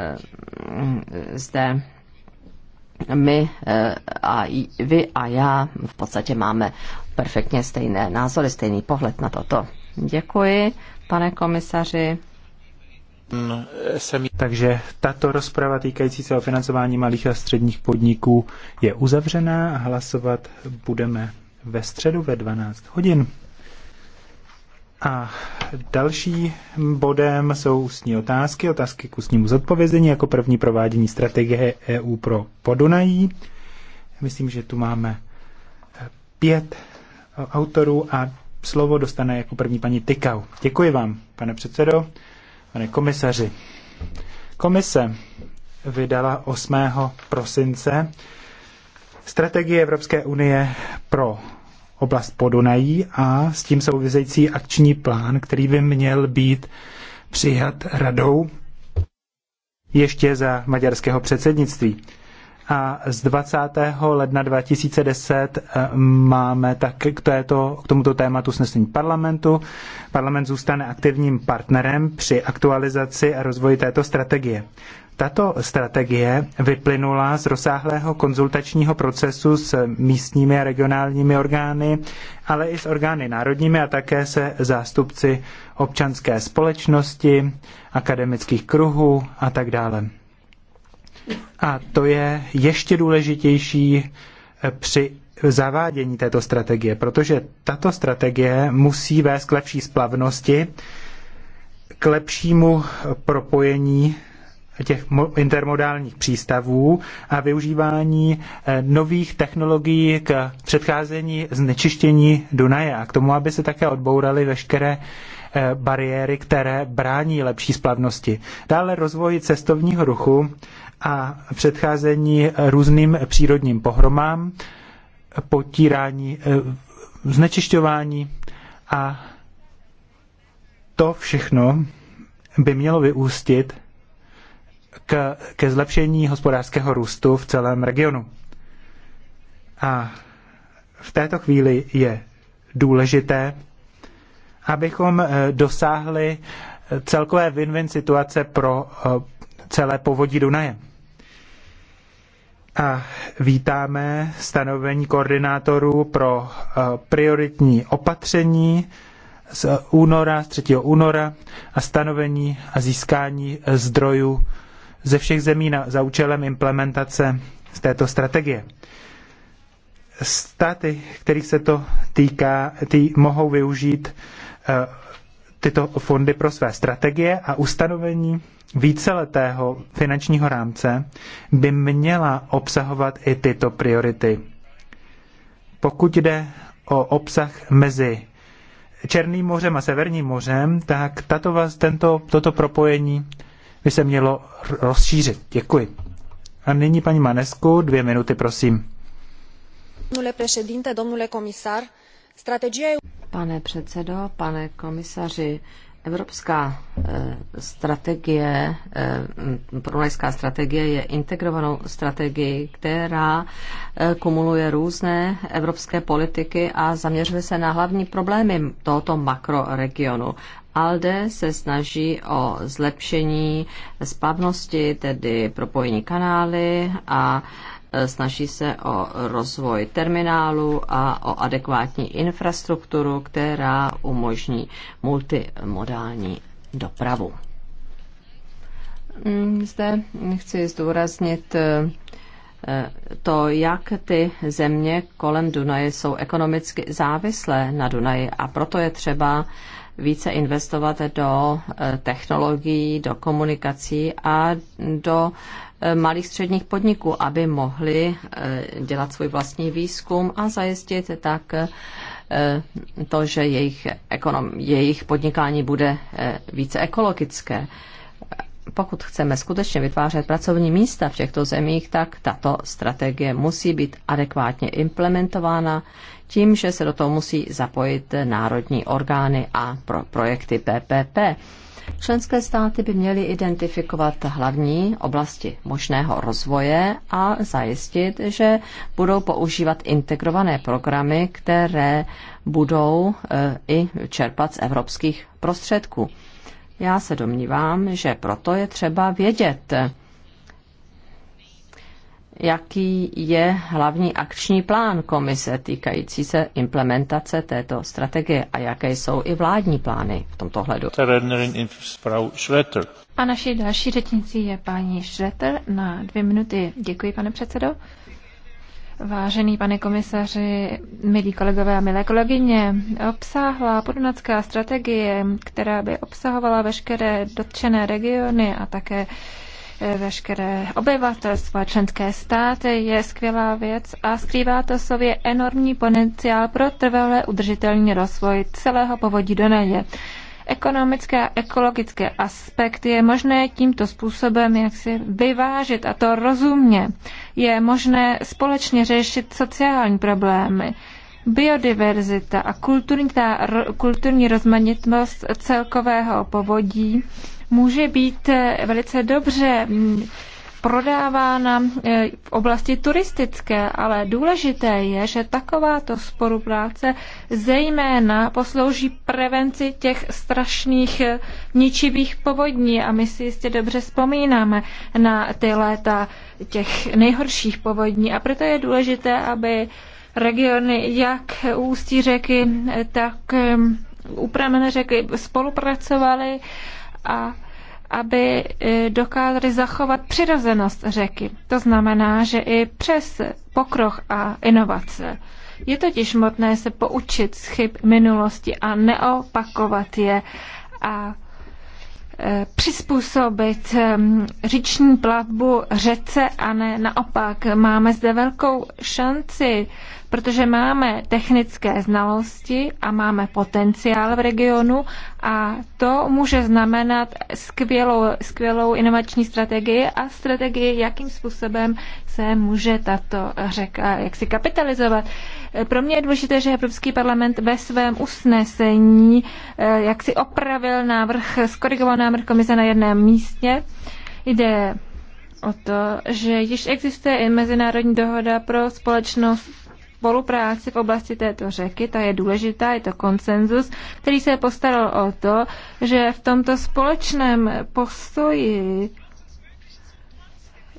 Eh, zde my eh, a vy a já v podstatě máme perfektně stejné názory, stejný pohled na toto. Děkuji, pane komisaři. Takže tato rozprava týkající se o financování malých a středních podniků je uzavřená a hlasovat budeme ve středu ve 12 hodin. A další bodem jsou ústní otázky, otázky k ústnímu zodpovězení, jako první provádění strategie EU pro Podunají. Myslím, že tu máme eh, pět eh, autorů a slovo dostane jako první paní Tykau. Děkuji vám, pane předsedo, pane komisaři. Komise vydala 8. prosince strategii Evropské unie pro oblast Podunají a s tím související akční plán, který by měl být přijat radou ještě za maďarského předsednictví. A z 20. ledna 2010 eh, máme tak k, této, k tomuto tématu snesení parlamentu. Parlament zůstane aktivním partnerem při aktualizaci a rozvoji této strategie. Tato strategie vyplynula z rozsáhlého konzultačního procesu s místními a regionálními orgány, ale i s orgány národními a také se zástupci občanské společnosti, akademických kruhů a tak dále. A to je ještě důležitější eh, při zavádění této strategie, protože tato strategie musí vést k lepší splavnosti, k lepšímu propojení těch intermodálních přístavů a využívání eh, nových technologií k předcházení znečištění Dunaje a k tomu, aby se také odbouraly veškeré eh, bariéry, které brání lepší splavnosti. Dále rozvoj cestovního ruchu a předcházení různým přírodním pohromám, potírání, eh, znečišťování a to všechno by mělo vyústit k, ke zlepšení hospodářského růstu v celém regionu. A v této chvíli je důležité, abychom eh, dosáhli eh, celkové win-win situace pro celé povodí Dunaje a vítáme stanovení koordinátorů pro eh, prioritní opatření z února, z 3. února a stanovení a získání zdrojů ze všech zemí na, za účelem implementace z této strategie. Státy, kterých se to týká, ty tý, mohou využít eh, tyto fondy pro své strategie a ustanovení víceletého finančního rámce by měla obsahovat i tyto priority. Pokud jde o obsah mezi Černým mořem a Severním mořem, tak tato vás, tento, toto propojení by se mělo rozšířit. Děkuji. A nyní paní Manesku, dvě minuty, prosím. Domnule președinte, domnule comisar, Strategie... Pane předsedo, pane komisaři, Evropská eh, strategie, eh, prunajská strategie je integrovanou strategií, která eh, kumuluje různé evropské politiky a zaměřuje se na hlavní problémy tohoto makroregionu. ALDE se snaží o zlepšení splavnosti, tedy propojení kanály a snaží se o rozvoj terminálu a o adekvátní infrastrukturu, která umožní multimodální dopravu. Mm, zde chci zdůraznit eh, to, jak ty země kolem Dunaje jsou ekonomicky závislé na Dunaji a proto je třeba více investovat do eh, technologií, do komunikací a do Eh, malých středních podniků, aby mohli eh, dělat svůj vlastní výzkum a zajistit tak eh, to, že jejich, ekonom, jejich podnikání bude více ekologické. Pokud chceme skutečně vytvářet pracovní místa v těchto zemích, tak tato strategie musí být adekvátně implementována tím, že se do toho musí zapojit národní orgány a pro projekty PPP Členské státy by měly identifikovat hlavní oblasti možného rozvoje a zajistit, že budou používat integrované programy, které budou eh, i čerpat z evropských prostředků. Já se domnívám, že proto je třeba vědět, jaký je hlavní akční plán komise týkající se implementace této strategie a jaké jsou i vládní plány v tomto hledu. A naší další řečnicí je paní Schretter na dvě minuty. Děkuji, pane předsedo. Vážený pane komisaři, milí kolegové a milé kolegyně, obsáhla podunacká strategie, která by obsahovala veškeré dotčené regiony a také veškeré obyvatelstvo členské státy je skvělá věc a skrývá to sobě enormní potenciál pro trvalé udržitelný rozvoj celého povodí Dunaje. Ekonomické a ekologické aspekty je možné tímto způsobem jak si vyvážit a to rozumně. Je možné společně řešit sociální problémy. Biodiverzita a kulturní, ta, kulturní rozmanitnost celkového povodí může být eh, velice dobře mm, prodávána eh, v oblasti turistické, ale důležité je, že takováto spolupráce zejména poslouží prevenci těch strašných eh, ničivých povodní a my si jistě dobře vzpomínáme na ty léta těch nejhorších povodní a proto je důležité, aby regiony jak ústí řeky, tak upramené řeky spolupracovaly a aby e, dokázali zachovat přirozenost řeky. To znamená, že i přes pokroch a inovace je totiž možné se poučit z chyb minulosti a neopakovat je a e, přizpůsobit e, říční plavbu řece a ne naopak. Máme zde velkou šanci protože máme technické znalosti a máme potenciál v regionu a to může znamenat skvělou, skvělou inovační strategii a strategii, jakým způsobem se může tato řeka jak si kapitalizovat. Pro mě je důležité, že Evropský parlament ve svém usnesení eh, jak si opravil návrh, skorigoval návrh komise na jedném místě. Jde o to, že již existuje i mezinárodní dohoda pro společnost spolupráci v oblasti této řeky, ta je důležitá, je to konsenzus, který se postaral o to, že v tomto společném postoji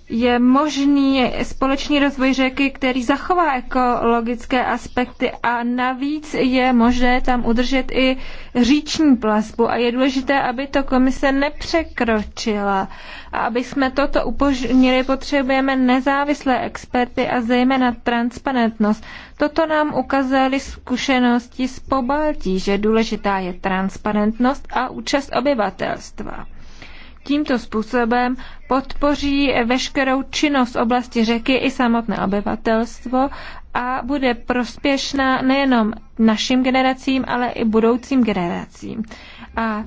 je možný společný rozvoj řeky, který zachová ekologické aspekty a navíc je možné tam udržet i říční plasbu a je důležité, aby to komise nepřekročila. A aby jsme toto upožnili, potřebujeme nezávislé experty a zejména transparentnost. Toto nám ukázali zkušenosti z Pobaltí, že důležitá je transparentnost a účast obyvatelstva tímto způsobem podpoří veškerou činnost oblasti řeky i samotné obyvatelstvo a bude prospěšná nejenom našim generacím, ale i budoucím generacím. A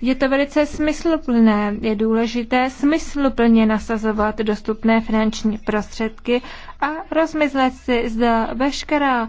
je to velice smysluplné, je důležité smysluplně nasazovat dostupné finanční prostředky a rozmyslet si, zda veškerá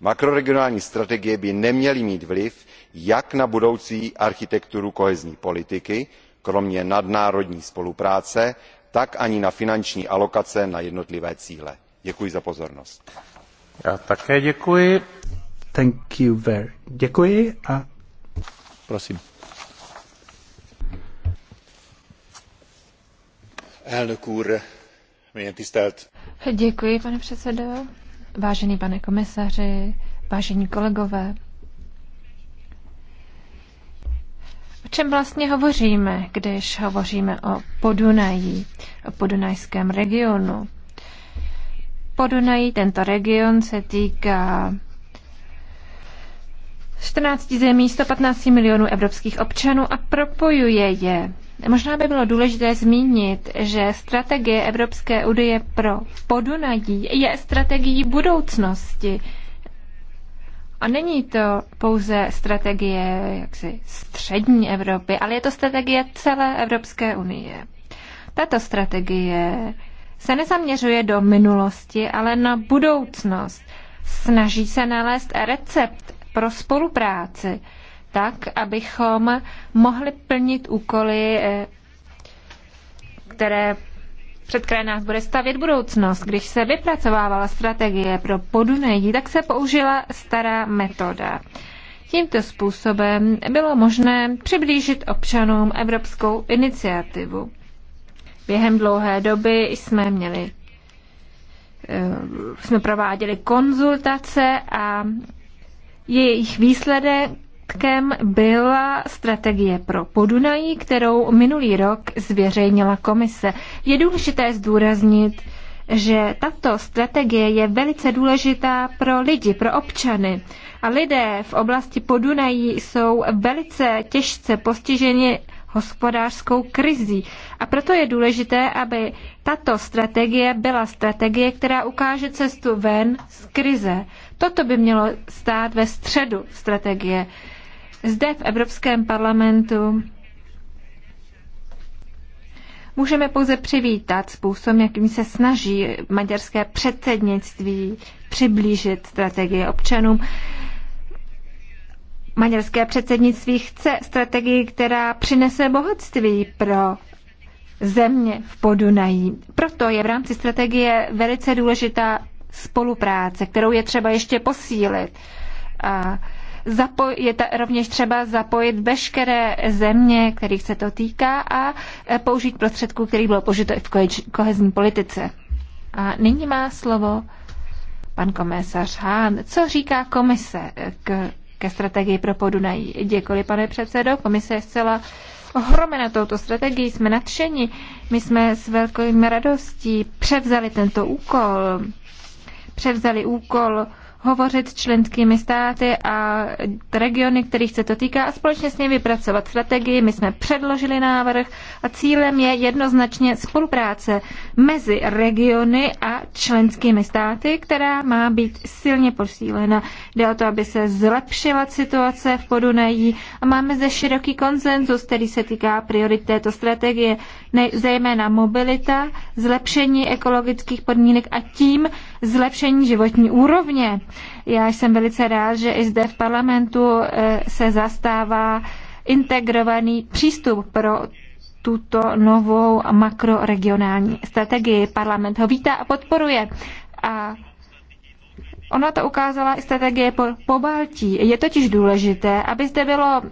makroregionální strategie by neměly mít vliv jak na budoucí architekturu kohezní politiky kromě nadnárodní spolupráce tak ani na finanční alokace na jednotlivé cíle. děkuji za pozornost. Já také děkuji. Thank you very. Děkuji a prosím. Děkuji, pane předsedo vážený pane komisaři, vážení kolegové. O čem vlastně hovoříme, když hovoříme o Podunají, o podunajském regionu? Podunají, tento region se týká 14 zemí, 115 milionů evropských občanů a propojuje je Možná by bylo důležité zmínit, že strategie Evropské unie pro Podunadí je strategií budoucnosti. A není to pouze strategie jaksi střední Evropy, ale je to strategie celé Evropské unie. Tato strategie se nezaměřuje do minulosti, ale na budoucnost. Snaží se nalézt recept pro spolupráci tak, abychom mohli plnit úkoly, eh, které před které nás bude stavět budoucnost. Když se vypracovávala strategie pro Podunají, tak se použila stará metoda. Tímto způsobem bylo možné přiblížit občanům evropskou iniciativu. Během dlouhé doby jsme měli eh, jsme prováděli konzultace a jejich výsledek Výsledkem byla strategie pro Podunají, kterou minulý rok zveřejnila komise. Je důležité zdůraznit, že tato strategie je velice důležitá pro lidi, pro občany. A lidé v oblasti Podunají jsou velice těžce postiženi hospodářskou krizí. A proto je důležité, aby tato strategie byla strategie, která ukáže cestu ven z krize. Toto by mělo stát ve středu strategie zde v Evropském parlamentu můžeme pouze přivítat způsob, jakým se snaží maďarské předsednictví přiblížit strategii občanům. Maďarské předsednictví chce strategii, která přinese bohatství pro země v Podunají. Proto je v rámci strategie velice důležitá spolupráce, kterou je třeba ještě posílit. A je ta, rovněž třeba zapojit veškeré země, kterých se to týká a e, použít prostředků, který bylo použito i v kohezní politice. A nyní má slovo pan komisař Hán. Co říká komise e, k, ke strategii pro Podunají? Děkuji, pane předsedo. Komise je zcela ohromena touto strategii jsme nadšeni. My jsme s velkou radostí převzali tento úkol. Převzali úkol hovořit s členskými státy a regiony, kterých se to týká a společně s nimi vypracovat strategii. My jsme předložili návrh a cílem je jednoznačně spolupráce mezi regiony a členskými státy, která má být silně posílena. Jde o to, aby se zlepšila situace v Podunají a máme zde široký konsenzus, který se týká priorit této strategie, zejména mobilita, zlepšení ekologických podmínek a tím zlepšení životní úrovně. Já jsem velice rád, že i zde v parlamentu eh, se zastává integrovaný přístup pro tuto novou makroregionální strategii. Parlament ho vítá a podporuje. A ona to ukázala i strategie po, po Baltí. Je totiž důležité, aby zde bylo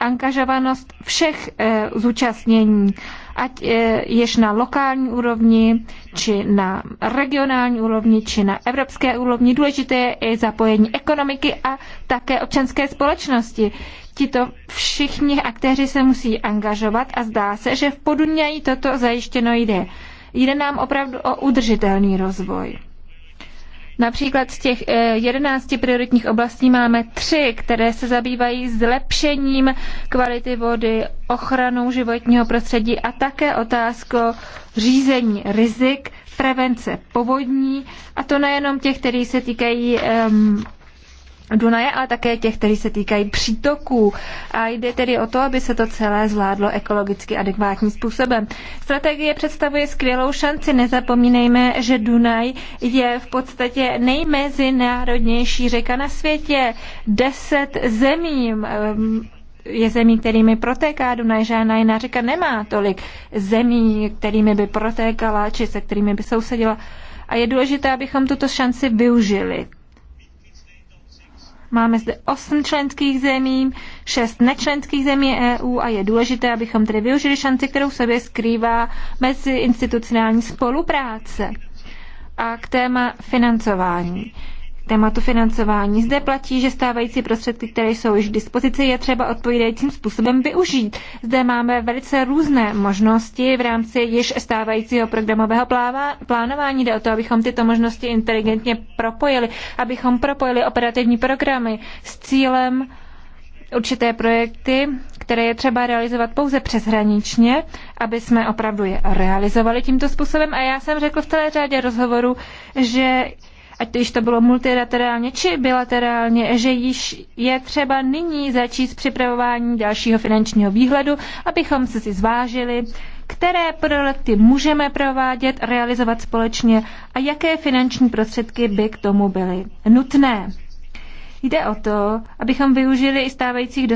angažovanost všech e, zúčastnění ať e, již na lokální úrovni, či na regionální úrovni, či na evropské úrovni. Důležité je i zapojení ekonomiky a také občanské společnosti. Tito všichni aktéři se musí angažovat a zdá se, že v Podunjají toto zajištěno jde. Jde nám opravdu o udržitelný rozvoj. Například z těch eh, jedenácti prioritních oblastí máme tři, které se zabývají zlepšením kvality vody, ochranou životního prostředí a také otázkou řízení rizik, prevence povodní, a to nejenom těch, které se týkají um, Dunaje, ale také těch, kteří se týkají přítoků. A jde tedy o to, aby se to celé zvládlo ekologicky adekvátním způsobem. Strategie představuje skvělou šanci. Nezapomínejme, že Dunaj je v podstatě nejmezinárodnější řeka na světě. Deset zemí um, je zemí, kterými protéká Dunaj. Žádná jiná řeka nemá tolik zemí, kterými by protékala, či se kterými by sousedila. A je důležité, abychom tuto šanci využili. Máme zde osm členských zemí, šest nečlenských zemí EU a je důležité, abychom tedy využili šanci, kterou sobě skrývá mezi institucionální spolupráce. A k téma financování tématu financování. Zde platí, že stávající prostředky, které jsou již k dispozici, je třeba odpovídajícím způsobem využít. Zde máme velice různé možnosti v rámci již stávajícího programového plánování. Jde o to, abychom tyto možnosti inteligentně propojili, abychom propojili operativní programy s cílem určité projekty, které je třeba realizovat pouze přeshraničně, aby jsme opravdu je realizovali tímto způsobem. A já jsem řekl v celé řadě rozhovoru, že ať již to bylo multilaterálně či bilaterálně, že již je třeba nyní začít s připravování dalšího finančního výhledu, abychom se si zvážili, které projekty můžeme provádět, realizovat společně a jaké finanční prostředky by k tomu byly nutné. Jde o to, abychom využili i stávajících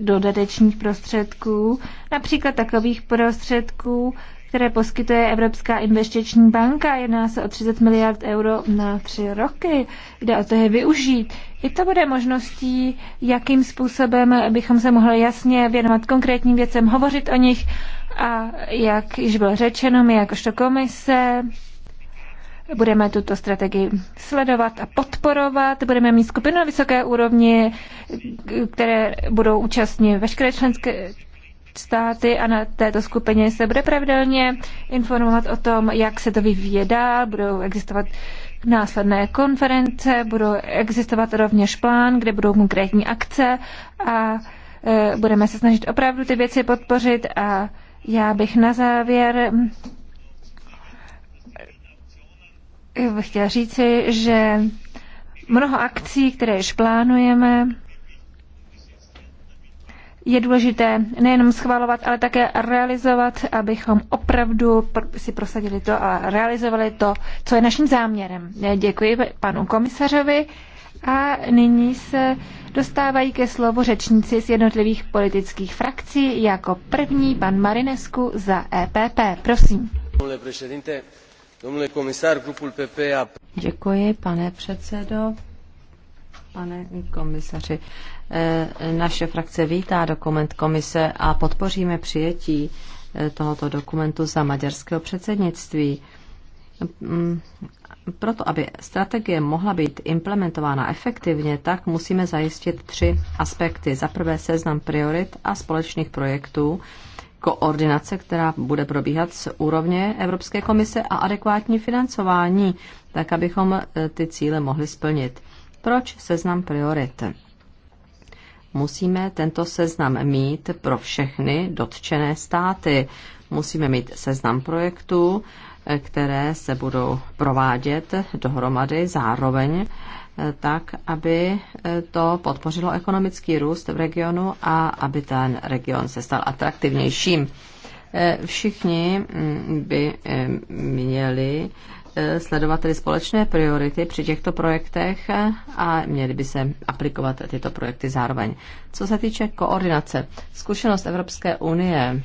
dodatečných prostředků, například takových prostředků, které poskytuje Evropská investiční banka. Jedná se o 30 miliard euro na tři roky. Jde o to je využít. I to bude možností, jakým způsobem bychom se mohli jasně věnovat konkrétním věcem, hovořit o nich a jak již bylo řečeno, my jakožto komise budeme tuto strategii sledovat a podporovat. Budeme mít skupinu na vysoké úrovni, které budou účastní veškeré členské státy a na této skupině se bude pravidelně informovat o tom, jak se to vyvíje dál, budou existovat následné konference, budou existovat rovněž plán, kde budou konkrétní akce a e, budeme se snažit opravdu ty věci podpořit a já bych na závěr bych mm, chtěla říci, že mnoho akcí, které již plánujeme, je důležité nejenom schvalovat, ale také realizovat, abychom opravdu si prosadili to a realizovali to, co je naším záměrem. Děkuji panu komisařovi a nyní se dostávají ke slovu řečníci z jednotlivých politických frakcí, jako první pan Marinescu za EPP. Prosím. Děkuji, pane předsedo. Pane komisaři, eh, naše frakce vítá dokument komise a podpoříme přijetí eh, tohoto dokumentu za maďarského předsednictví. Mm, proto, aby strategie mohla být implementována efektivně, tak musíme zajistit tři aspekty. Za prvé seznam priorit a společných projektů, koordinace, která bude probíhat z úrovně Evropské komise a adekvátní financování, tak abychom eh, ty cíle mohli splnit. Proč seznam priorit? Musíme tento seznam mít pro všechny dotčené státy. Musíme mít seznam projektů, které se budou provádět dohromady zároveň, eh, tak, aby eh, to podpořilo ekonomický růst v regionu a aby ten region se stal atraktivnějším. Eh, všichni mm, by měli E, sledovat tedy společné priority při těchto projektech a měly by se aplikovat tyto projekty zároveň. Co se týče koordinace, zkušenost Evropské unie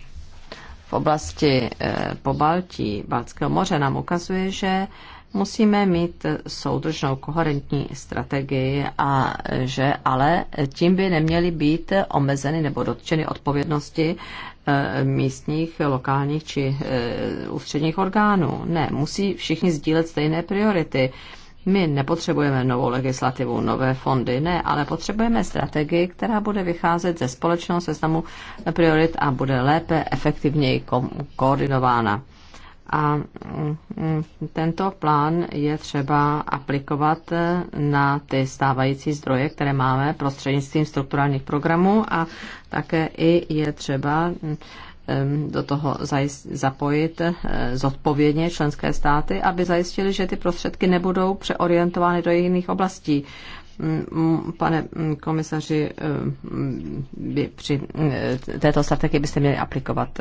v oblasti e, po Baltí, Baltského moře nám ukazuje, že musíme mít soudržnou koherentní strategii a že ale tím by neměly být omezeny nebo dotčeny odpovědnosti eh, místních, lokálních či eh, ústředních orgánů. Ne, musí všichni sdílet stejné priority. My nepotřebujeme novou legislativu, nové fondy, ne, ale potřebujeme strategii, která bude vycházet ze společného seznamu priorit a bude lépe, efektivněji ko- koordinována. A mm, mm, tento plán je třeba aplikovat eh, na ty stávající zdroje, které máme prostřednictvím strukturálních programů a také i je třeba mm, do toho zapojit eh, zodpovědně členské státy, aby zajistili, že ty prostředky nebudou přeorientovány do jiných oblastí. Pane komisaři, eh, při této strategii byste měli aplikovat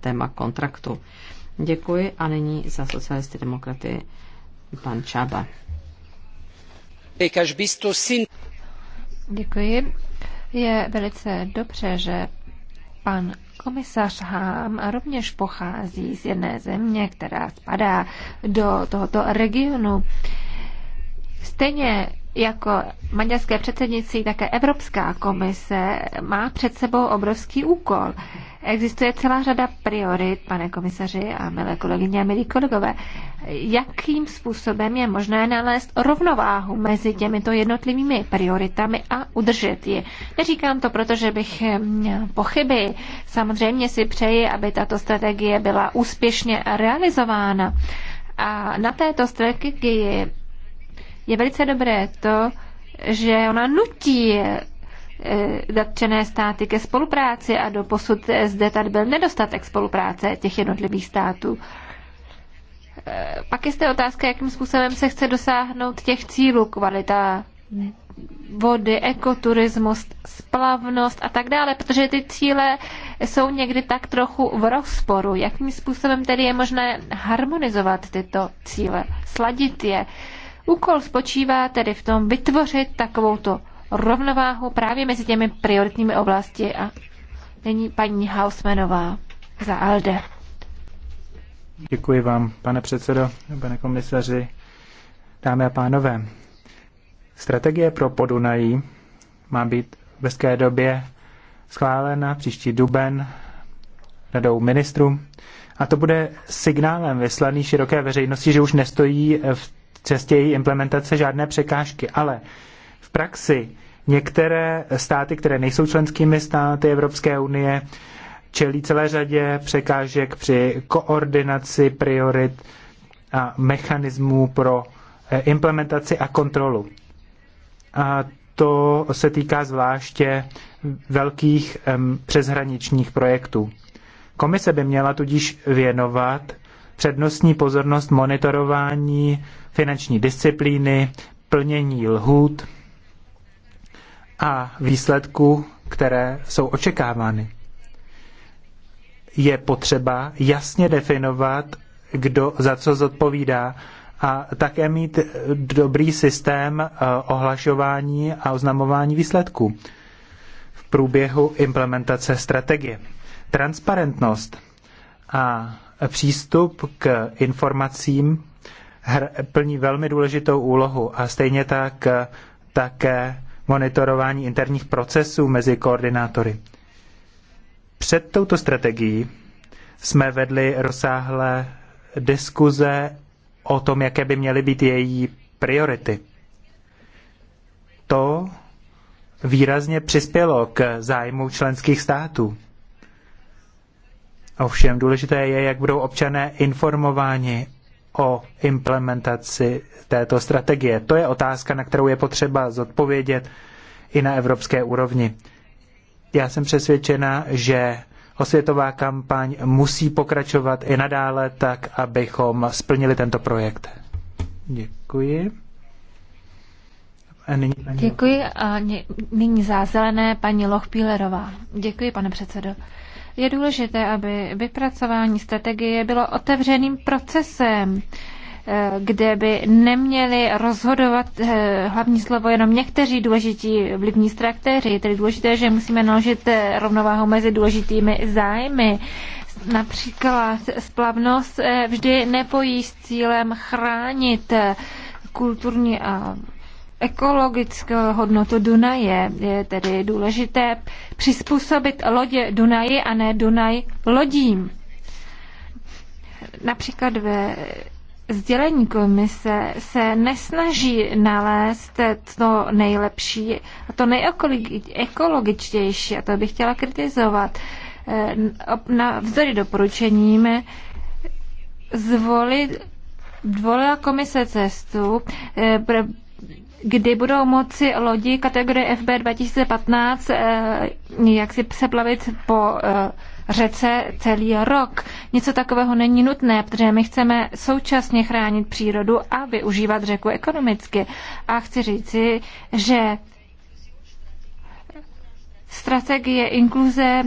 téma kontraktu. Děkuji a nyní za socialisty demokraty pan Čába. Děkuji. Je velice dobře, že pan komisař Hám rovněž pochází z jedné země, která spadá do tohoto regionu. Stejně jako maďarské předsednictví, také Evropská komise má před sebou obrovský úkol. Existuje celá řada priorit, pane komisaři a milé kolegyně a milí kolegové. Jakým způsobem je možné nalézt rovnováhu mezi těmito jednotlivými prioritami a udržet je? Neříkám to, protože bych měl pochyby. Samozřejmě si přeji, aby tato strategie byla úspěšně realizována. A na této strategii je velice dobré to, že ona nutí zatčené eh, státy ke spolupráci a do posud zde tady byl nedostatek spolupráce těch jednotlivých států. Eh, pak je zde otázka, jakým způsobem se chce dosáhnout těch cílů, kvalita vody, ekoturismus, splavnost a tak dále, protože ty cíle jsou někdy tak trochu v rozporu. Jakým způsobem tedy je možné harmonizovat tyto cíle, sladit je? Uh, Úkol spočívá tedy v tom vytvořit takovouto rovnováhu právě mezi těmi prioritními oblasti a není paní Hausmanová za ALDE. Děkuji vám, pane předsedo, pane komisaři, dámy a pánové. Strategie pro Podunají má být v hezké době schválena příští duben radou ministrů. A to bude signálem vyslaný široké veřejnosti, že už nestojí v cestě její implementace žádné překážky, ale v praxi některé státy, které nejsou členskými státy Evropské unie, čelí celé řadě překážek při koordinaci priorit a mechanismů pro eh, implementaci a kontrolu. A to se týká zvláště velkých přeshraničních projektů. Komise by měla tudíž věnovat přednostní pozornost monitorování finanční disciplíny, plnění lhůt a výsledků, které jsou očekávány. Je potřeba jasně definovat, kdo za co zodpovídá a také mít dobrý systém eh, ohlašování a oznamování výsledků v průběhu implementace strategie. Transparentnost a přístup k informacím hr, plní velmi důležitou úlohu a stejně tak také monitorování interních procesů mezi koordinátory. Před touto strategií jsme vedli rozsáhlé diskuze o tom, jaké by měly být její priority. To výrazně přispělo k zájmu členských států. Ovšem důležité je, jak budou občané informováni o implementaci této strategie. To je otázka, na kterou je potřeba zodpovědět i na evropské úrovni. Já jsem přesvědčena, že osvětová kampaň musí pokračovat i nadále tak, abychom splnili tento projekt. Děkuji. A nyní paní... Děkuji. A nyní zázelené paní Lochpílerová. Děkuji, pane předsedo. Je důležité, aby vypracování strategie bylo otevřeným procesem, eh, kde by neměli rozhodovat eh, hlavní slovo jenom někteří důležití vlivní straktéři. Tedy důležité, že musíme naložit eh, rovnováhu mezi důležitými zájmy. Například splavnost vždy nepojí s cílem chránit kulturní a ekologickou hodnotu Dunaje. Je tedy důležité přizpůsobit lodě Dunaji a ne Dunaj lodím. Například ve sdělení komise se nesnaží nalézt to nejlepší a to nejekologičtější, a to bych chtěla kritizovat. Eh, na vzory doporučením zvolit Volila komise cestu, eh, kdy budou moci lodi kategorie FB 2015 eh, jak si přeplavit po eh, řece celý rok. Něco takového není nutné, protože my chceme současně chránit přírodu a využívat řeku ekonomicky. A chci říci, že strategie inkluze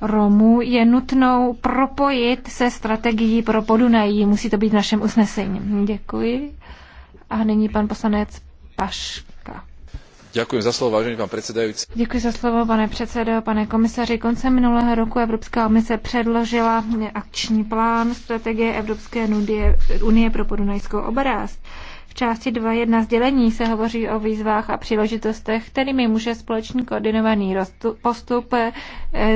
Romů je nutnou propojit se strategií pro Podunají. Musí to být v našem usnesení. Děkuji. A nyní pan poslanec Paška. Děkuji za slovo, vážený pan předsedající. Děkuji za slovo, pane předsedo, pane komisaři. Koncem minulého roku Evropská komise předložila akční plán strategie Evropské unie pro podunajskou oblast. V části 2.1 sdělení se hovoří o výzvách a příležitostech, kterými může společný koordinovaný postup eh,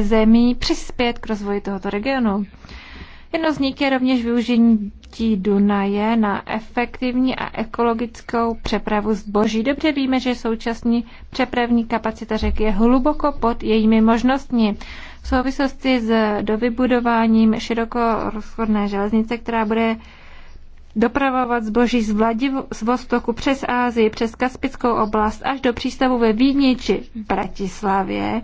zemí přispět k rozvoji tohoto regionu. Jedno z nich je rovněž využití Dunaje na efektivní a ekologickou přepravu zboží. Dobře víme, že současní přepravní kapacita řeky je hluboko pod jejími možnostmi. V souvislosti s dovybudováním široko rozchodné železnice, která bude dopravovat zboží z Vladivostoku přes Ázii, přes Kaspickou oblast až do přístavu ve Vídni či Bratislavě,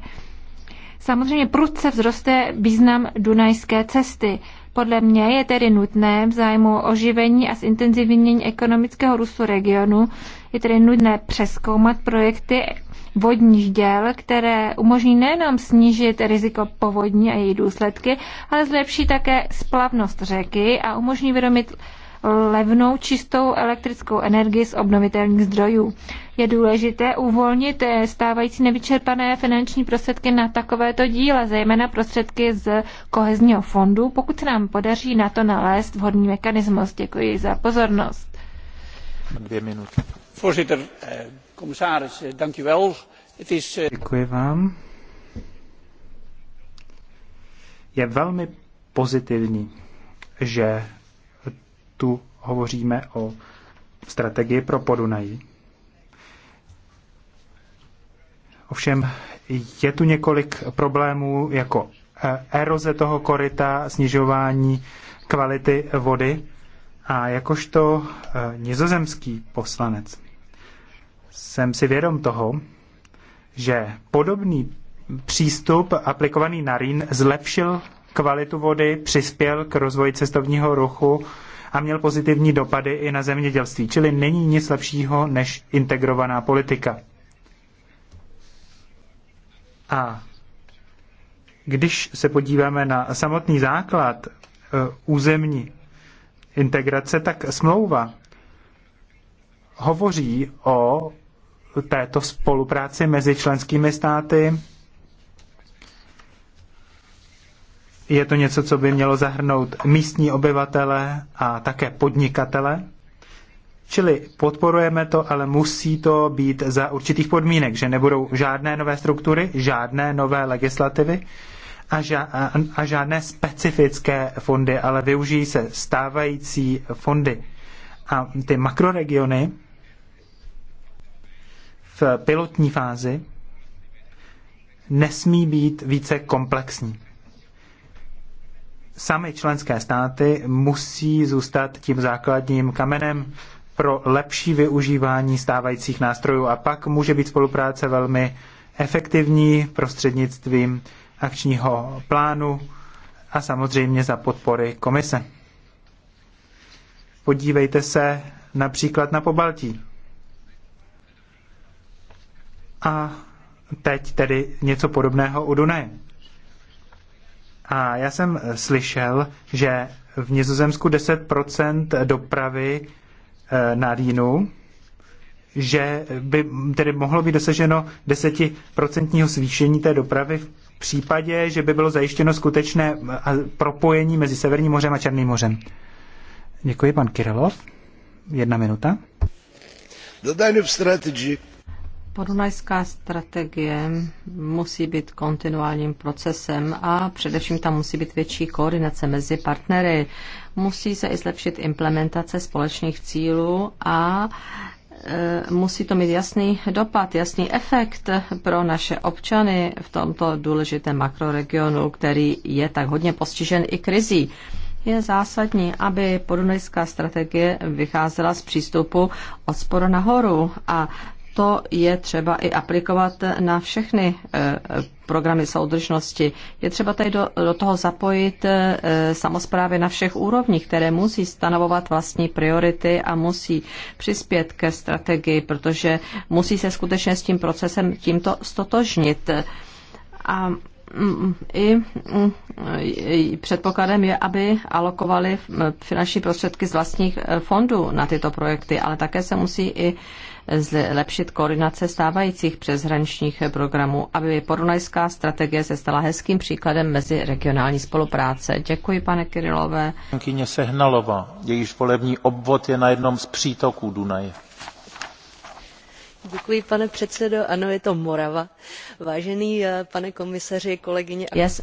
samozřejmě prudce vzroste význam Dunajské cesty. Podle mě je tedy nutné v zájmu oživení a zintenzivnění ekonomického růstu regionu je tedy nutné přeskoumat projekty vodních děl, které umožní nejenom snížit riziko povodní a její důsledky, ale zlepší také splavnost řeky a umožní vědomit levnou čistou elektrickou energii z obnovitelných zdrojů. Je důležité uvolnit eh, stávající nevyčerpané finanční prostředky na takovéto díla, zejména prostředky z kohezního fondu, pokud se nám podaří na to nalézt vhodný mechanismus. Děkuji za pozornost. Dvě minuty. Voorzitter, eh, commissaris, eh, Het is... Děkuji vám. Je velmi pozitivní, že tu hovoříme o strategii pro Podunají. Ovšem je tu několik problémů jako e, eroze toho koryta, snižování kvality vody a jakožto e, nizozemský poslanec jsem si vědom toho, že podobný přístup aplikovaný na Rýn zlepšil kvalitu vody, přispěl k rozvoji cestovního ruchu a měl pozitivní dopady i na zemědělství, čili není nic lepšího než integrovaná politika. A když se podíváme na samotný základ e, územní integrace, tak smlouva hovoří o této spolupráci mezi členskými státy je to něco, co by mělo zahrnout místní obyvatele a také podnikatele. Čili podporujeme to, ale musí to být za určitých podmínek, že nebudou žádné nové struktury, žádné nové legislativy a, ža- a žádné specifické fondy, ale využijí se stávající fondy. A ty makroregiony v pilotní fázi nesmí být více komplexní sami členské státy musí zůstat tím základním kamenem pro lepší využívání stávajících nástrojů a pak může být spolupráce velmi efektivní prostřednictvím akčního plánu a samozřejmě za podpory komise. Podívejte se například na Pobaltí. A teď tedy něco podobného u Dunaje. A já jsem eh, slyšel, že v Nizozemsku 10% dopravy eh, na Rýnu, že by tedy mohlo být dosaženo 10% zvýšení té dopravy v případě, že by bylo zajištěno skutečné eh, propojení mezi Severním mořem a Černým mořem. Děkuji, pan Kirilov. Jedna minuta. Podunajská strategie musí být kontinuálním procesem a především tam musí být větší koordinace mezi partnery. Musí se i zlepšit implementace společných cílů a e, musí to mít jasný dopad, jasný efekt pro naše občany v tomto důležitém makroregionu, který je tak hodně postižen i krizí je zásadní, aby podunajská strategie vycházela z přístupu od sporu nahoru a to je třeba i aplikovat na všechny eh, programy soudržnosti. Je třeba tady do, do toho zapojit eh, samozprávy na všech úrovních, které musí stanovovat vlastní priority a musí přispět ke strategii, protože musí se skutečně s tím procesem tímto stotožnit. A mm, mm, i, předpokladem je, aby alokovali eh, finanční prostředky z vlastních fondů na tyto projekty, ale také se musí i zlepšit koordinace stávajících přeshraničních programů, aby porunajská strategie se stala hezkým příkladem mezi regionální spolupráce. Děkuji, pane Kirilové. Kyně Sehnalova, jejíž volební obvod je na jednom z přítoků Dunaje. Děkuji, pane předsedo. Ano, je to Morava. Vážený eh, pane komisaři, kolegyně. Yes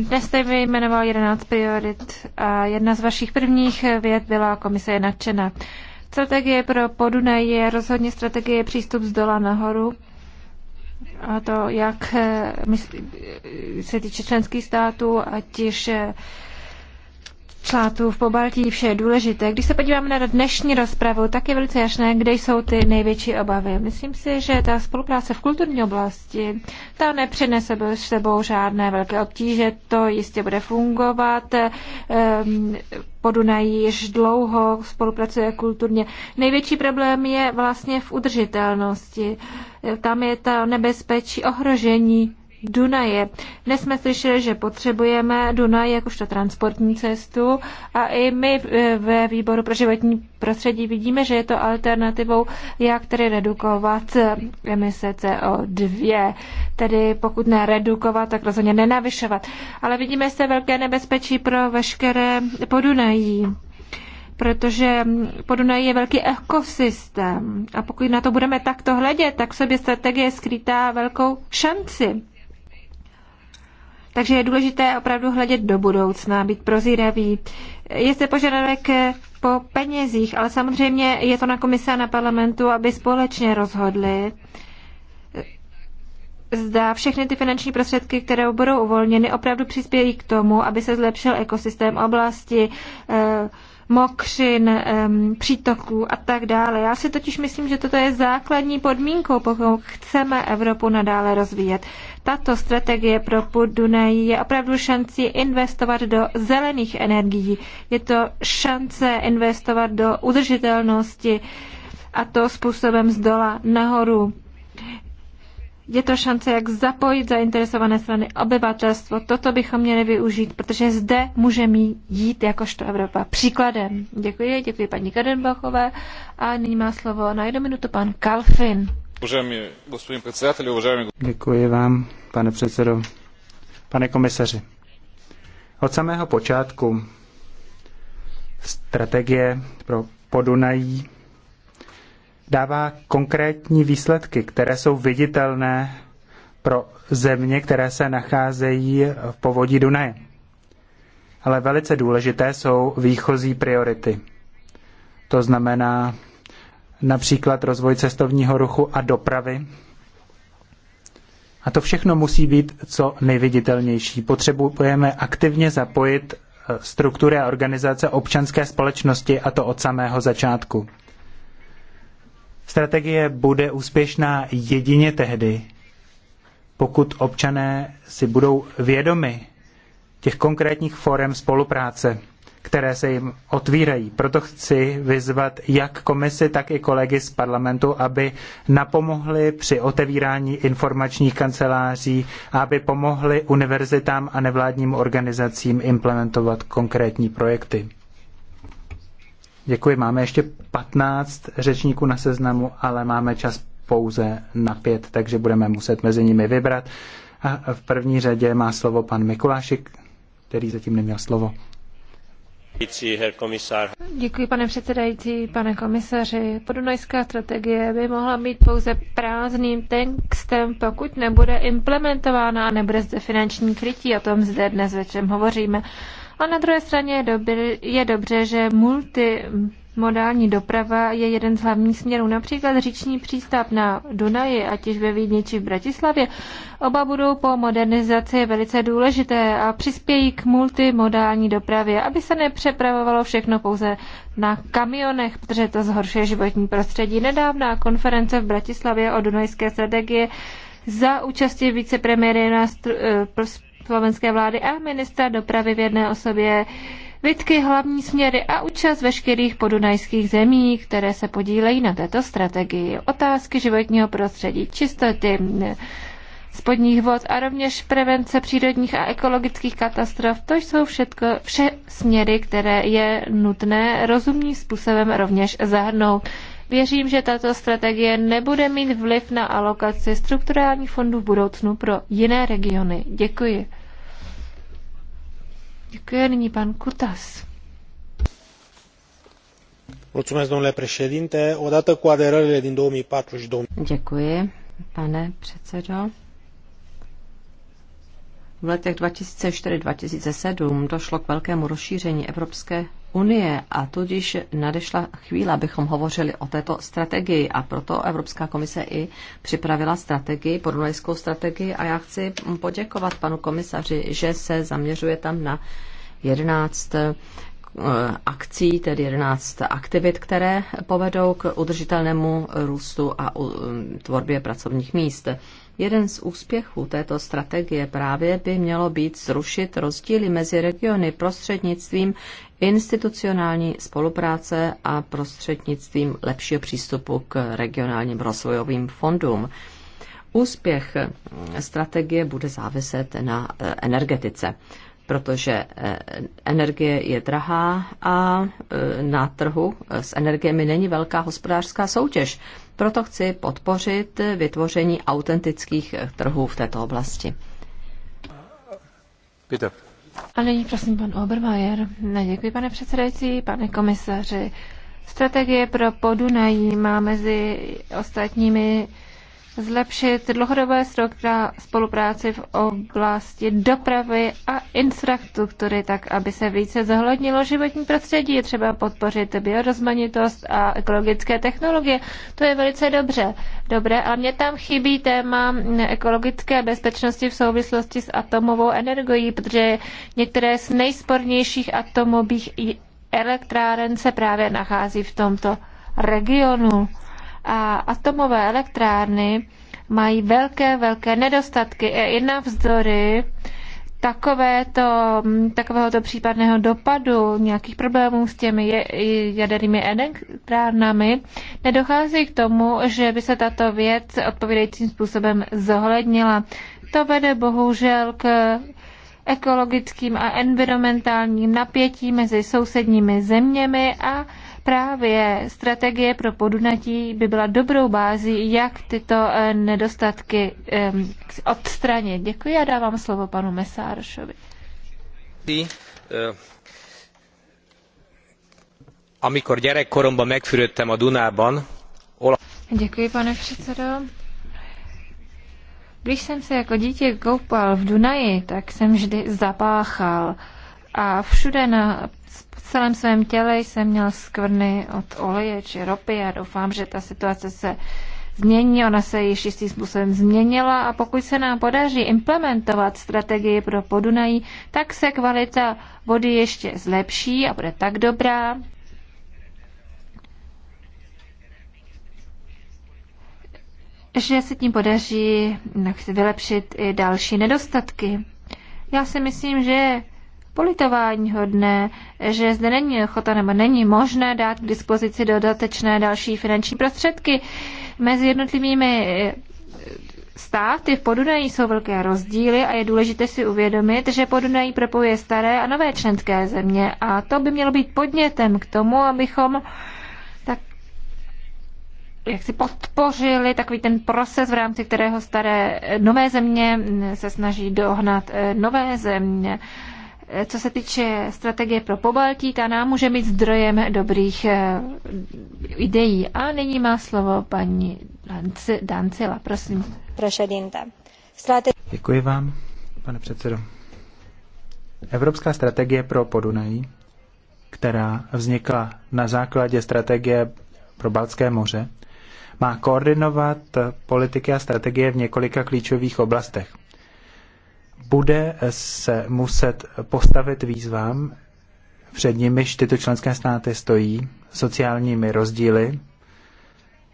Dnes jste vyjmenoval 11 priorit a jedna z vašich prvních věd byla komise je nadšena. Strategie pro Podunaj je rozhodně strategie přístup z dola nahoru. A to jak eh, se týče členských států, ať již eh, států v Pobaltí vše je důležité. Když se podíváme na dnešní rozpravu, tak je velice jasné, kde jsou ty největší obavy. Myslím si, že ta spolupráce v kulturní oblasti, ta nepřinese s sebou žádné velké obtíže, to jistě bude fungovat. Ehm, Podunají již dlouho spolupracuje kulturně. Největší problém je vlastně v udržitelnosti. Tam je to nebezpečí ohrožení Dunaje. Dnes jsme slyšeli, že potřebujeme Dunaj jakožto transportní cestu a i my eh, ve výboru pro životní prostředí vidíme, že je to alternativou, jak tedy redukovat emise CO2. Tedy pokud ne redukovat, tak rozhodně nenavyšovat. Ale vidíme se velké nebezpečí pro veškeré podunají protože Podunají je velký ekosystém a pokud na to budeme takto hledět, tak v sobě strategie skrytá velkou šanci. Takže je důležité opravdu hledět do budoucna, být prozíravý. Je zde požadavek eh, po penězích, ale samozřejmě je to na komise a na parlamentu, aby společně rozhodli, eh, zda všechny ty finanční prostředky, které budou uvolněny, opravdu přispějí k tomu, aby se zlepšil ekosystém oblasti, eh, mokřin, přítoků a tak dále. Já si totiž myslím, že toto je základní podmínkou, pokud chceme Evropu nadále rozvíjet. Tato strategie pro Podunají je opravdu šancí investovat do zelených energií. Je to šance investovat do udržitelnosti a to způsobem z dola nahoru. Je to šance, jak zapojit zainteresované strany obyvatelstvo. Toto bychom měli využít, protože zde můžeme jít jakožto Evropa příkladem. Děkuji, děkuji paní Kadenbachové a nyní má slovo na jednu minutu pan Kalfin. Děkuji vám, pane předsedo. Pane komisaři, od samého počátku strategie pro Podunají dává konkrétní výsledky, které jsou viditelné pro země, které se nacházejí v povodí Dunaje. Ale velice důležité jsou výchozí priority. To znamená například rozvoj cestovního ruchu a dopravy. A to všechno musí být co nejviditelnější. Potřebujeme aktivně zapojit eh, struktury a organizace občanské společnosti a to od samého začátku. Strategie bude úspěšná jedině tehdy, pokud občané si budou vědomi těch konkrétních forem spolupráce které se jim otvírají. Proto chci vyzvat jak komisi, tak i kolegy z parlamentu, aby napomohli při otevírání informačních kanceláří a aby pomohli univerzitám a nevládním organizacím implementovat konkrétní projekty. Děkuji. Máme ještě 15 řečníků na seznamu, ale máme čas pouze na pět, takže budeme muset mezi nimi vybrat. A v první řadě má slovo pan Mikulášik, který zatím neměl slovo pane předsedající, pane komisaři. Podunajská strategie by mohla být pouze prázdným textem, pokud nebude implementována a nebude zde finanční krytí, o tom zde dnes večer hovoříme. A na druhé straně je, dobře, že multilaterální Modální doprava je jeden z hlavních směrů, například říční přístav na Dunaji, ať již ve Vídni či v Bratislavě. Oba budou po modernizaci velice důležité a přispějí k multimodální dopravě, aby se nepřepravovalo všechno pouze na kamionech, protože to zhoršuje životní prostředí. Nedávná konference v Bratislavě o dunajské strategii za účasti vicepremiéry na eh, slovenské vlády a ministra dopravy v jedné osobě Vitky, hlavní směry a účast veškerých podunajských zemí, které se podílejí na této strategii. Otázky životního prostředí, čistoty, spodních vod a rovněž prevence přírodních a ekologických katastrof. To jsou všetko, vše směry, které je nutné rozumným způsobem rovněž zahrnout. Věřím, že tato strategie nebude mít vliv na alokaci strukturálních fondů v budoucnu pro jiné regiony. Děkuji. Děkuji, nyní pan Kutas. Mulțumesc, domnule președinte. Odată cu aderările din 2004 și 2000... Děkuji, pane předsedo. V letech 2004-2007 došlo k velkému rozšíření evropské unie a tudíž nadešla chvíle, abychom hovořili o této strategii a proto Evropská komise i připravila strategii, podunajskou strategii a já chci poděkovat panu komisaři, že se zaměřuje tam na 11 eh, akcí, tedy 11 aktivit, které povedou k udržitelnému růstu a mm, tvorbě pracovních míst. Jeden z úspěchů této strategie právě by mělo být zrušit rozdíly mezi regiony prostřednictvím institucionální spolupráce a prostřednictvím lepšího přístupu k regionálním rozvojovým fondům. Úspěch strategie bude záviset na eh, energetice protože eh, energie je drahá a eh, na trhu s energiemi není velká hospodářská soutěž. Proto chci podpořit vytvoření autentických trhů v této oblasti. Peter. A nyní prosím pan Obermajer. Děkuji, pane předsedající, pane komisaři. Strategie pro Podunají má mezi ostatními zlepšit dlouhodobé spolupráci v oblasti dopravy a infrastruktury, tak aby se více zohlednilo životní prostředí. Je třeba podpořit biorozmanitost a ekologické technologie. To je velice dobře. Dobré, ale mě tam chybí téma ekologické bezpečnosti v souvislosti s atomovou energií, protože některé z nejspornějších atomových elektráren se právě nachází v tomto regionu. A atomové elektrárny mají velké, velké nedostatky. I navzdory takovéto, takovéhoto případného dopadu, nějakých problémů s těmi jadernými elektrárnami, nedochází k tomu, že by se tato věc odpovědajícím způsobem zohlednila. To vede bohužel k ekologickým a environmentálním napětí mezi sousedními zeměmi a Právě strategie pro podunatí by byla dobrou bází, jak tyto eh, nedostatky odstranit. Děkuji a dávám slovo panu Mesárošovi. Eh, amikor gyerekkoromba megfürödtem a Dunában, Děkuji, pane předsedo. Když jsem se jako dítě koupal v Dunaji, tak jsem vždy zapáchal a všude na celém svém těle jsem měl skvrny od oleje či ropy a doufám, že ta situace se změní, ona se již jistým způsobem změnila a pokud se nám podaří implementovat strategii pro Podunají, tak se kvalita vody ještě zlepší a bude tak dobrá, že se tím podaří vylepšit i další nedostatky. Já si myslím, že politování hodné, že zde není ochota nebo není možné dát k dispozici dodatečné další finanční prostředky. Mezi jednotlivými eh, státy v Podunají jsou velké rozdíly a je důležité si uvědomit, že Podunají propojuje staré a nové členské země a to by mělo být podnětem k tomu, abychom tak jak si podpořili takový ten proces, v rámci kterého staré nové země se snaží dohnat eh, nové země co se týče strategie pro Pobaltí, ta nám může být zdrojem dobrých eh, ideí. A nyní má slovo paní Dancila, prosím. Děkuji vám, pane předsedo. Evropská strategie pro Podunají, která vznikla na základě strategie pro Baltské moře, má koordinovat politiky a strategie v několika klíčových oblastech – bude se muset postavit výzvám, před nimiž tyto členské státy stojí, sociálními rozdíly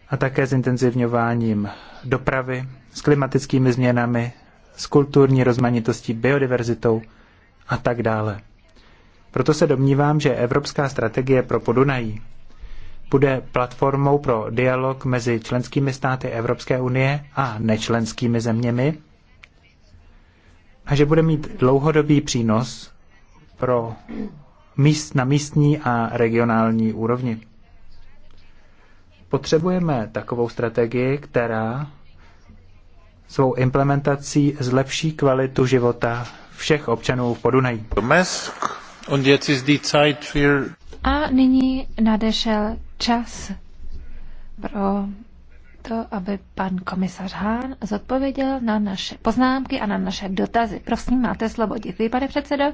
a také s intenzivňováním dopravy, s klimatickými změnami, s kulturní rozmanitostí, biodiverzitou a tak dále. Proto se domnívám, že Evropská strategie pro Podunají bude platformou pro dialog mezi členskými státy Evropské unie a nečlenskými zeměmi, a že bude mít dlouhodobý přínos pro míst, na místní a regionální úrovni. Potřebujeme takovou strategii, která svou implementací zlepší kvalitu života všech občanů v Podunají. A nyní nadešel čas pro to, aby pan komisař Hán zodpověděl na naše poznámky a na naše dotazy. Prosím, máte slovo. Děkuji, pane předsedo.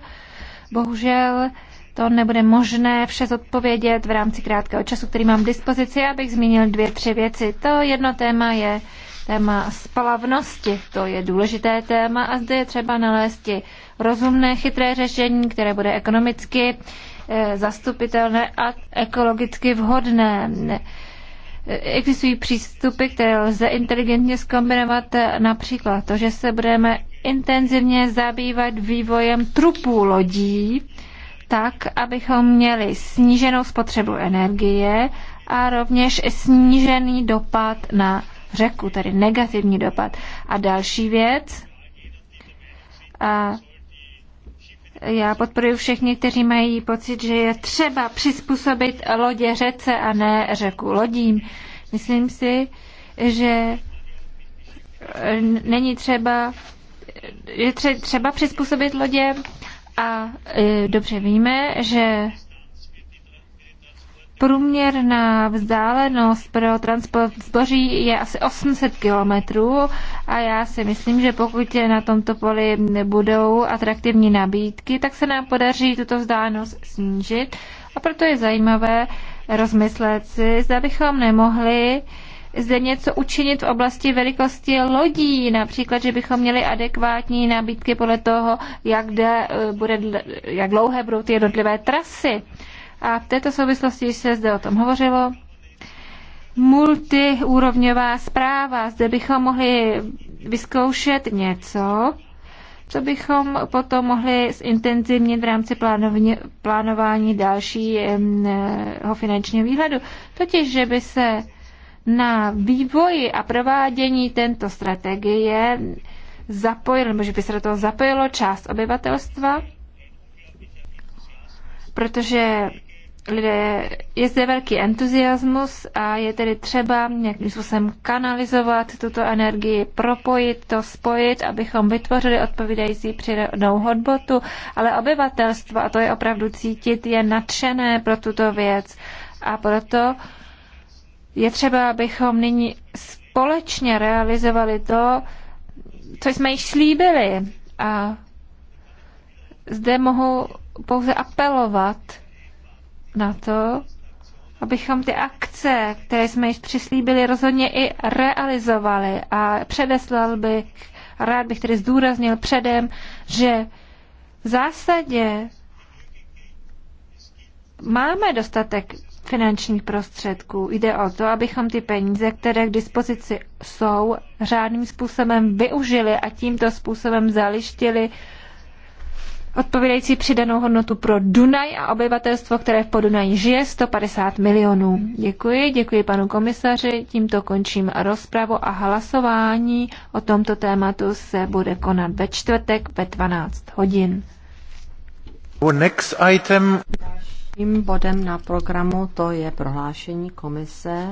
Bohužel to nebude možné vše zodpovědět v rámci krátkého času, který mám k dispozici, abych zmínil dvě, tři věci. To jedno téma je téma splavnosti. To je důležité téma a zde je třeba nalézt rozumné, chytré řešení, které bude ekonomicky eh, zastupitelné a ekologicky vhodné. Existují přístupy, které lze inteligentně zkombinovat, například to, že se budeme intenzivně zabývat vývojem trupů lodí, tak, abychom měli sníženou spotřebu energie a rovněž snížený dopad na řeku, tedy negativní dopad. A další věc, a já podporuji všechny, kteří mají pocit, že je třeba přizpůsobit lodě řece a ne řeku lodím. Myslím si, že eh, není třeba, je třeba přizpůsobit lodě a eh, dobře víme, že Průměrná vzdálenost pro transport zboří je asi 800 kilometrů a já si myslím, že pokud na tomto poli nebudou atraktivní nabídky, tak se nám podaří tuto vzdálenost snížit a proto je zajímavé rozmyslet si, zda bychom nemohli zde něco učinit v oblasti velikosti lodí, například, že bychom měli adekvátní nabídky podle toho, jak, jde, eh, bude, jak dlouhé budou ty jednotlivé trasy a v této souvislosti se zde o tom hovořilo. Multiúrovňová zpráva. Zde bychom mohli vyzkoušet něco, co bychom potom mohli zintenzivnit v rámci plánovně, plánování dalšího finančního výhledu. Totiž, že by se na vývoji a provádění této strategie zapojil, nebo že by se do toho zapojilo část obyvatelstva, protože lidé, je zde velký entuziasmus a je tedy třeba nějakým způsobem kanalizovat tuto energii, propojit to, spojit, abychom vytvořili odpovídající přírodnou hodnotu, ale obyvatelstvo, a to je opravdu cítit, je nadšené pro tuto věc a proto je třeba, abychom nyní společně realizovali to, co jsme již slíbili a zde mohu pouze apelovat na to, abychom ty akce, které jsme již přislíbili, rozhodně i realizovali. A předeslal bych, a rád bych tedy zdůraznil předem, že v zásadě máme dostatek finančních prostředků. Jde o to, abychom ty peníze, které k dispozici jsou, řádným způsobem využili a tímto způsobem zalištili odpovídající přidanou hodnotu pro Dunaj a obyvatelstvo, které v Podunaji žije, 150 milionů. Děkuji, děkuji panu komisaři, tímto končím rozpravu a hlasování o tomto tématu se bude konat ve čtvrtek ve 12 hodin. Next item. Dalším bodem na programu to je prohlášení komise